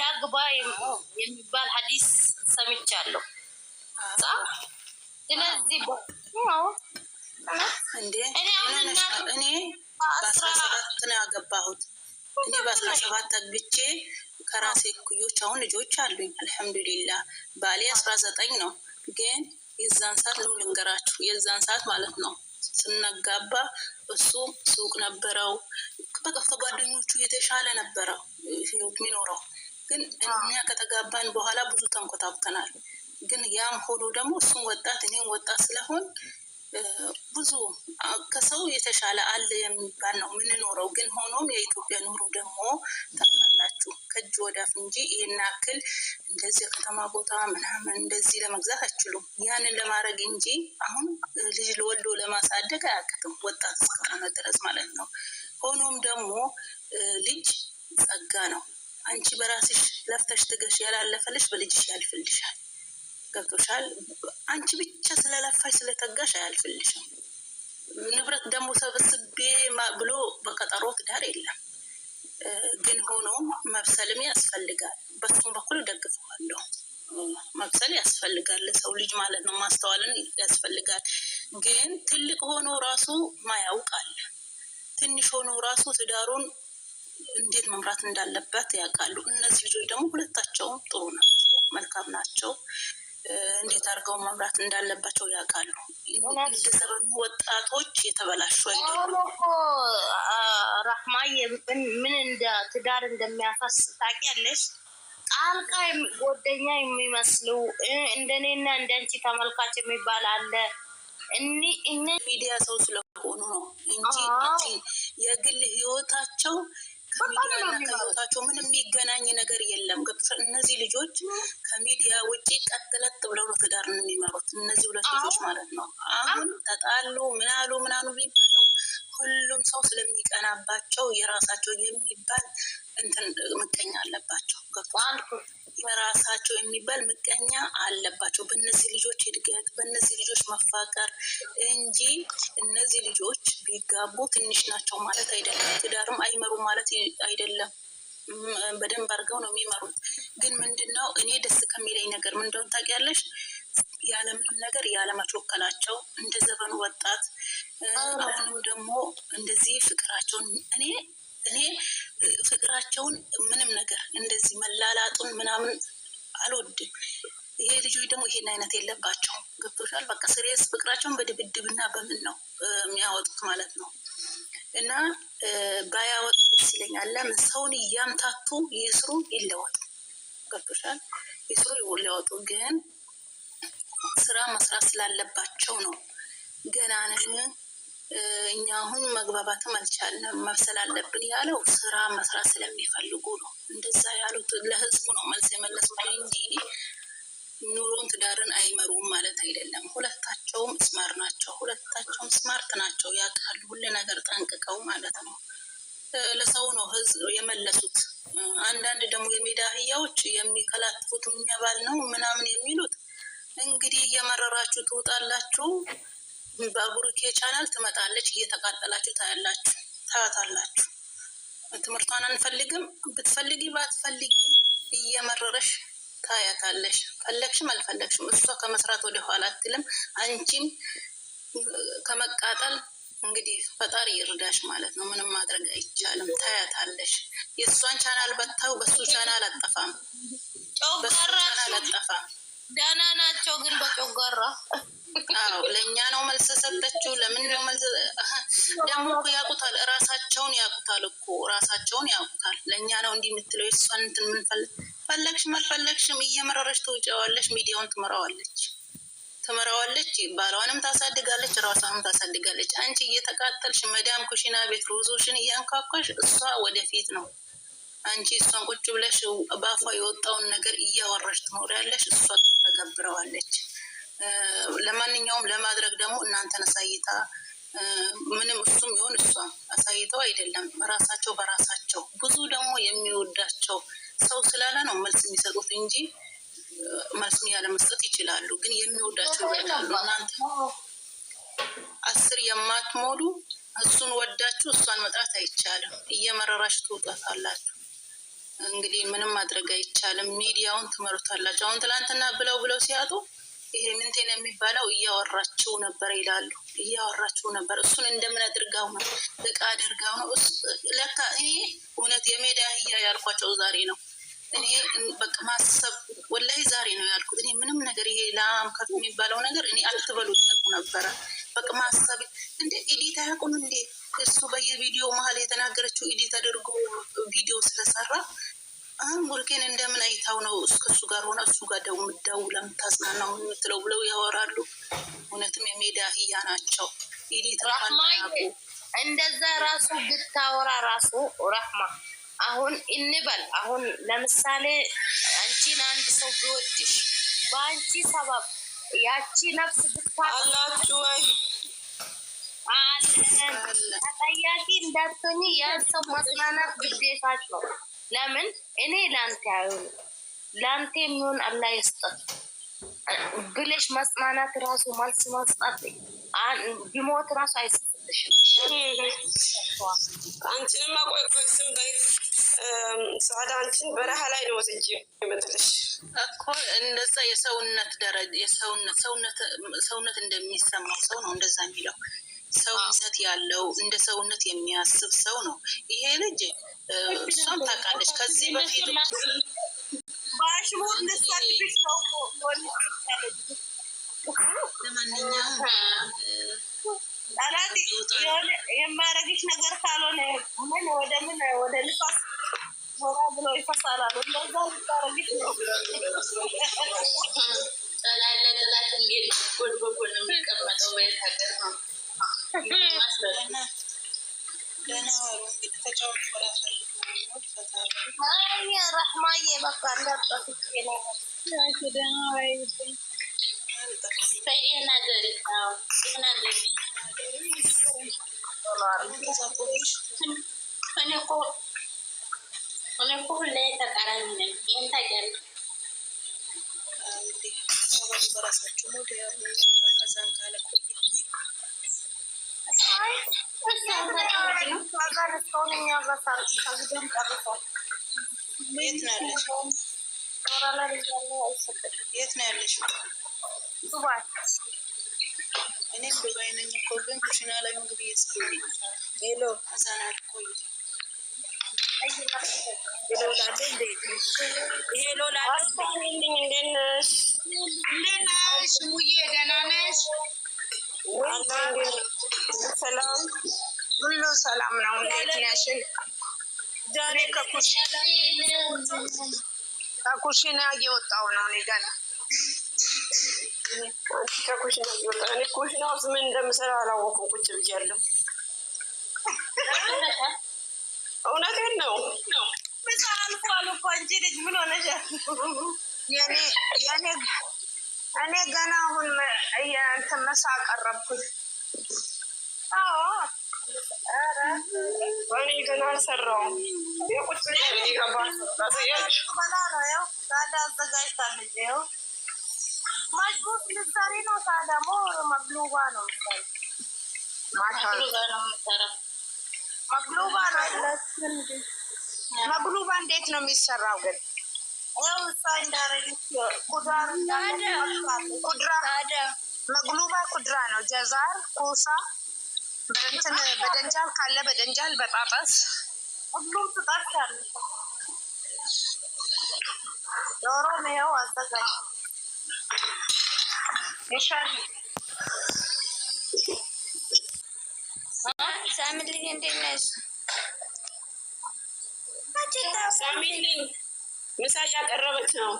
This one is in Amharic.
ያግባ የሚባል ሀዲስ ሰምቻለሁ። ስለዚህ እኔ በአስራ ሰባት ነው ያገባሁት። እኔ በአስራ ሰባት አግብቼ ከራሴ እኩዮች አሁን ልጆች አሉኝ። አልሐምዱሊላ ባሌ አስራ ዘጠኝ ነው። ግን የዛን ሰዓት ነው ልንገራችሁ፣ የዛን ሰዓት ማለት ነው ስናጋባ እሱ ሱቅ ነበረው፣ በቃ ከጓደኞቹ የተሻለ ነበረ ህይወት የሚኖረው ግን እኛ ከተጋባን በኋላ ብዙ ተንኮታኩተናል። ግን ያም ሆኖ ደግሞ እሱም ወጣት እኔም ወጣት ስለሆን ብዙ ከሰው የተሻለ አለ የሚባል ነው የምንኖረው። ግን ሆኖም የኢትዮጵያ ኑሮ ደግሞ ታውቃላችሁ ከእጅ ወዳፍ እንጂ ይህን ያክል እንደዚህ የከተማ ቦታ ምናምን እንደዚህ ለመግዛት አይችሉም። ያንን ለማድረግ እንጂ አሁን ልጅ ወልዶ ለማሳደግ አያቅትም ወጣት እስከሆነ ድረስ ማለት ነው። ሆኖም ደግሞ ልጅ ጸጋ ነው። አንቺ በራስሽ ለፍተሽ ትገሽ ያላለፈልሽ በልጅሽ ያልፍልሻል። ገብቶሻል። አንቺ ብቻ ስለለፋሽ ስለተጋሽ አያልፍልሽም። ንብረት ደግሞ ሰብስቤ ብሎ በቀጠሮ ትዳር የለም። ግን ሆኖም መብሰልም ያስፈልጋል። በሱም በኩል ደግፈዋለሁ። መብሰል ያስፈልጋል። ሰው ልጅ ማለት ነው ማስተዋልን ያስፈልጋል። ግን ትልቅ ሆኖ ራሱ ማያውቃል ትንሽ ሆኖ ራሱ ትዳሩን እንዴት መምራት እንዳለበት ያውቃሉ። እነዚህ ልጆች ደግሞ ሁለታቸውም ጥሩ ናቸው፣ መልካም ናቸው። እንዴት አድርገው መምራት እንዳለባቸው ያውቃሉ። ወጣቶች የተበላሹ አይደሉም ራህማዬ። ምን እንደ ትዳር እንደሚያፈርስ ታውቂያለሽ። ጣልቃ ጓደኛ የሚመስሉ እንደኔና እንደንቺ ተመልካች የሚባል አለ ሚዲያ ሰው ስለሆኑ ነው እንጂ የግል ህይወታቸው ከሚዲያ ምን የሚገናኝ ነገር የለም። እነዚህ ልጆች ከሚዲያ ውጭ ቀጥለጥ ብለው ነው ትዳር የሚመሩት እነዚህ ሁለት ልጆች ማለት ነው። አሁን ተጣሉ ምናሉ ምናሉ የሚባለው ሁሉም ሰው ስለሚቀናባቸው የራሳቸው የሚባል እንትን ምቀኛ አለባቸው ገብቶ የራሳቸው የሚባል ምቀኛ አለባቸው። በእነዚህ ልጆች እድገት፣ በእነዚህ ልጆች መፋቀር እንጂ እነዚህ ልጆች ቢጋቡ ትንሽ ናቸው ማለት አይደለም። ትዳርም አይመሩ ማለት አይደለም። በደንብ አድርገው ነው የሚመሩት። ግን ምንድነው እኔ ደስ ከሚለኝ ነገር ምን እንደሆነ ታውቂያለሽ? ያለምንም ነገር ያለመቾከናቸው እንደ ዘመኑ ወጣት አሁንም ደግሞ እንደዚህ ፍቅራቸውን እኔ እኔ ፍቅራቸውን ምንም ነገር እንደዚህ መላላጡን ምናምን አልወድም። ይሄ ልጆች ደግሞ ይሄን አይነት የለባቸውም። ገብቶሻል? በቃ ስሬስ ፍቅራቸውን በድብድብና በምን ነው የሚያወጡት ማለት ነው። እና ባያወጡ ደስ ይለኛል። ለምን ሰውን እያምታቱ ይስሩ፣ ይለወጡ። ገብቶሻል? ይስሩ፣ ይለወጡ። ግን ስራ መስራት ስላለባቸው ነው ገና ነን እኛ አሁን መግባባትም አልቻለም። መብሰል አለብን ያለው ስራ መስራት ስለሚፈልጉ ነው። እንደዛ ያሉት ለህዝቡ ነው መልስ የመለሱት እንጂ ኑሮን ትዳርን አይመሩም ማለት አይደለም። ሁለታቸውም ስማር ናቸው። ሁለታቸውም ስማርት ናቸው። ያውቃሉ ሁሉ ነገር ጠንቅቀው ማለት ነው። ለሰው ነው ህዝብ የመለሱት። አንዳንድ ደግሞ የሜዳ አህያዎች የሚከላትፉት እኛ ባል ነው ምናምን የሚሉት እንግዲህ እየመረራችሁ ትውጣላችሁ በቡሩኬ ቻናል ትመጣለች። እየተቃጠላችሁ ታያላችሁ፣ ታያታላችሁ። ትምህርቷን አንፈልግም። ብትፈልጊ ባትፈልጊ እየመረረሽ ታያታለሽ። ፈለግሽም አልፈለግሽም እሷ ከመስራት ወደ ኋላ አትልም። አንቺም ከመቃጠል እንግዲህ ፈጣሪ ይርዳሽ ማለት ነው። ምንም ማድረግ አይቻልም። ታያታለሽ። የእሷን ቻናል በታው በሱ ቻናል አጠፋም፣ በሱ ቻናል አጠፋም። ደህና ናቸው ግን በጮጋራ ትመራዋለች ትመራዋለች ባሏንም ታሳድጋለች፣ ራሷንም ታሳድጋለች። አንቺ እየተቃጠልሽ መዳም ኩሽና ቤት ሩዞሽን እያንካኳሽ እሷ ወደፊት ነው። አንቺ እሷን ቁጭ ብለሽ በአፏ የወጣውን ነገር እያወራሽ ትኖሪያለሽ፣ እሷ ተገብረዋለች። ለማንኛውም ለማድረግ ደግሞ እናንተን አሳይታ ምንም እሱም ይሆን እሷ አሳይተው አይደለም፣ ራሳቸው በራሳቸው ብዙ ደግሞ የሚወዳቸው ሰው ስላለ ነው መልስ የሚሰጡት እንጂ መስሚያ ያለመስጠት ይችላሉ። ግን የሚወዳቸው ይወዳሉ። እናንተ አስር የማትሞሉ እሱን ወዳችሁ እሷን መጥራት አይቻልም። እየመረራችሁ ትወጣታላችሁ። እንግዲህ ምንም ማድረግ አይቻልም። ሚዲያውን ትመሩታላችሁ። አሁን ትላንትና ብለው ብለው ሲያጡ ይሄ ምንቴን የሚባለው እያወራችው ነበር ይላሉ። እያወራችው ነበር እሱን እንደምን አድርጋው ነው እቃ አድርጋው ነው ለካ ይሄ እውነት የሜዳ አህያ ያልኳቸው ዛሬ ነው። እኔ በቃ ማሰብ ወላሂ ዛሬ ነው ያልኩት። እኔ ምንም ነገር ይሄ ለአምከት የሚባለው ነገር እኔ አልትበሉ ያልኩ ነበረ። በቃ ማሰብ እንደ ኢዲት አያውቁም እንዴ? እሱ በየቪዲዮ መሀል የተናገረችው ኢዲት አድርጎ ቪዲዮ ስለሰራ አሁን ቡርኬን እንደምን አይታው ነው እስከሱ ጋር ሆነ እሱ ጋር ደው ምደው ለምታጽናናው የምትለው ብለው ያወራሉ። እውነትም የሜዳ አህያ ናቸው። ኢዲት እንደዛ ራሱ ብታወራ ራሱ ረህማ አሁን እንበል አሁን ለምሳሌ አንቺን አንድ ሰው ቢወድሽ በአንቺ ሰበብ ያቺ ነፍስ ብታላችሁ ተጠያቂ እንዳትሆኚ ያ ሰው ማጽናናት ግዴታች ነው። ለምን እኔ ለአንተ አይሆን ለአንተ የሚሆን አላህ ይስጠት ብለሽ ማጽናናት ራሱ መልስ ማስጣት ቢሞት ራሱ አይስ አንቺንማ ቆይ ቆይ ስም በይ ሰዓዳ አንቺን በረሃ ላይ ነው ይመጥልሽ እኮ እንደዛ የሰውነት ደረጃ የሰውነት ሰውነት ሰውነት እንደሚሰማው ሰው ነው እንደዛ የሚለው ሰውነት ያለው እንደ ሰውነት የሚያስብ ሰው ነው ይሄ ልጅ። እሷም ታውቃለች ከዚህ በፊት ለማንኛውም ጠላት የማያረግሽ ነገር ካልሆነ ምን ወደ ምን ወደ ንፋስ ዞራ ብሎ ይፈሳል አሉ። እንደዛ ልታረግሽ ነው። ጠላት ለጠላት እንዴት ጎን በጎን የሚቀመጠው በየት ሀገር ነው? ረህማዬ በቃ እንዳጠፍ ነው ደህና እኔ እኮ ሁሌ ተቃራኒ ነኝ። ይህን ታውቂያለሽ። የት ነው ያለሽው? እኔም ዱባይ ነኝ እኮ ግን ኩሽና ላይ ምግብ እየሰራ ሄሎ ህዛናት ሰላም ሁሉ ሰላም ነው። እንዴት ነሽ? ዛሬ ከኩሽና እየወጣሁ ነው እኔ ገና ከኩሽና እየወጣ እኔ ኩሽና ውስጥ ምን እንደምሰራ አላወኩም። ቁጭ ብያለሁ። እውነቴን ነው። ምን ሆነሻል? እኔ ገና አሁን እንትን ምሳ አቀረብኩኝ። እኔ ገና አልሰራውም። ቁጭ ገባ ነው ያው አዘጋጅታለች ማልቁስ ልትሰሪ ነው? ደግሞ መግሉባ ነው መግሉባ እንዴት ነው የሚሰራው ግን? መግሉባ ኩድራ ነው። ጀዛር ኩሳ በእንትን በደንጃል ካለ በደንጃል በጣጠስ ሁሉም ትጣት ዶሮ ነው አዘጋጅ ሳምልኝ እንዴት ነሽ? ሳሚልኝ ምሳ እያቀረበች ነው።